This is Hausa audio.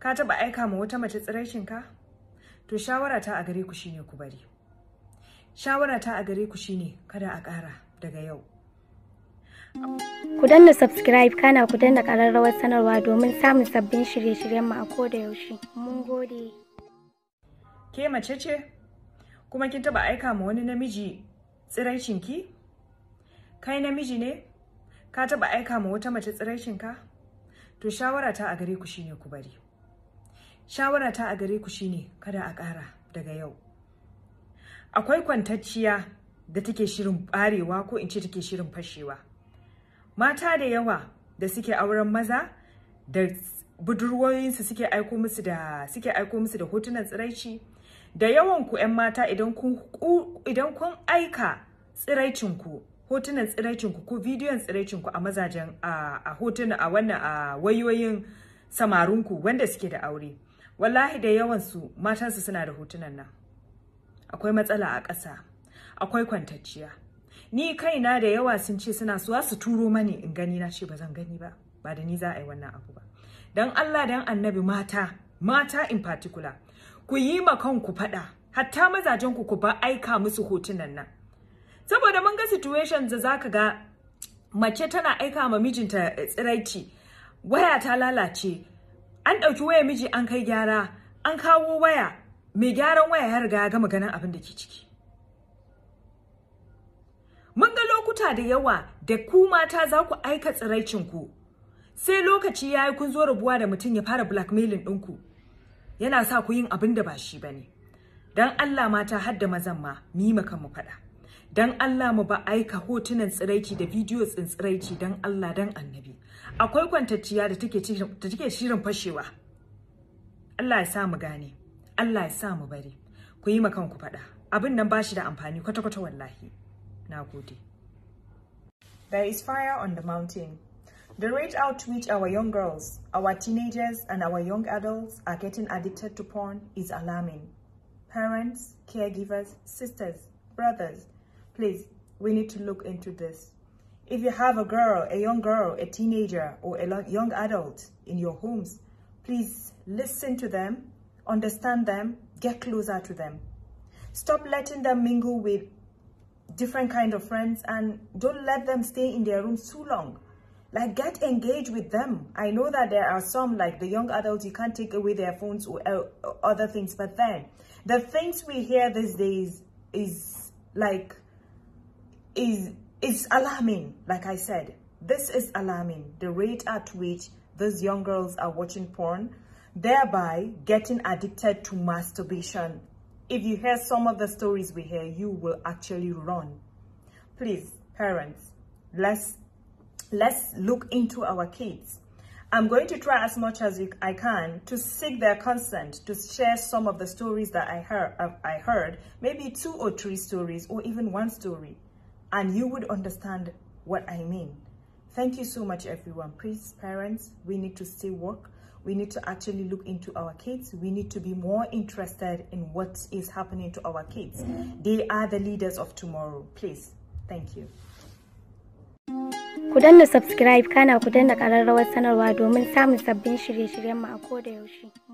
ka taba aika ma wata mace tsiraicinka to shawara ta a gare ku shine ku bari shawara ta a gare ku shine kada a ƙara daga yau ku danna subscribe kana ku danna ƙararrawar sanarwa domin samun sabbin shirye-shiryenmu a koda yaushe mun gode ke mace ce kuma kin taba aika ma wani namiji tsiraicinki kai namiji ne ka taba aika ma wata mace tsiraicinka to shawara ta a gare ku shine ku bari shawara ta a gare ku shine kada a ƙara daga yau akwai kwantacciya da take shirin barewa ko in ce take shirin fashewa mata da yawa da suke auren maza da budurwoyinsu suke aiko musu da suke aiko musu da hotunan tsiraici da yawan ku 'yan mata idan kun aika tsiraicin ku hotunan tsiraicin ku ko bidiyon tsiraicin ku a mazajen a hotuna a wannan a wayoyin samarunku wanda suke da aure wallahi da yawansu matansu suna da hotunan nan akwai matsala a ƙasa akwai kwantacciya ni kaina da yawa sun ce suna suwa su turo mani in gani na ce ba zan gani ba ba da ni za a yi wannan abu ba don allah don annabi mata mata in particular ku yi ma ku faɗa hatta mazajen ku ba aika musu hotunan nan saboda mun ga situation da zaka ga mace tana aika ma mijinta tsiraici waya ta lalace an ɗauki waya miji an kai gyara an kawo waya mai gyaran waya ya riga ya gama ganin abin da ke ciki mun ga lokuta da yawa da ku mata za ku aika ku sai lokaci ya yi kun zo rabuwa da mutum ya fara blackmailing ɗinku yana sa ku yin abin da ba shi ba ne don allah mata har da mazan ma mu makan mu faɗa don allah mu ba aika hotunan tsiraici da bidiyo tsintsiraici don allah don annabi akwai kwantacciya da take shirin fashewa Allah ya sa mu gane Allah ya sa mu ku yi makan ku abin nan da amfani kwata-kwata wallahi There is fire on the mountain. The rate out to which our young girls, our teenagers, and our young adults are getting addicted to porn is alarming. Parents, caregivers, sisters, brothers, please, we need to look into this. If you have a girl, a young girl, a teenager, or a young adult in your homes, please listen to them, understand them, get closer to them. Stop letting them mingle with different kind of friends and don't let them stay in their rooms too long. Like get engaged with them. I know that there are some like the young adults, you can't take away their phones or uh, other things. But then the things we hear these days is like, is it's alarming. Like I said, this is alarming. The rate at which those young girls are watching porn, thereby getting addicted to masturbation. If you hear some of the stories we hear, you will actually run. Please, parents, let's, let's look into our kids. I'm going to try as much as I can to seek their consent, to share some of the stories that I heard, I heard, maybe two or three stories or even one story and you would understand what I mean. Thank you so much, everyone. Please, parents, we need to still work. We need to actually look into our kids. We need to be more interested in what is happening to our kids. They are the leaders of tomorrow. Please. Thank you. Ku danna subscribe kana ku danna ƙararrawar sanarwa domin samun sabbin shirye-shiryen mu a koda yaushe.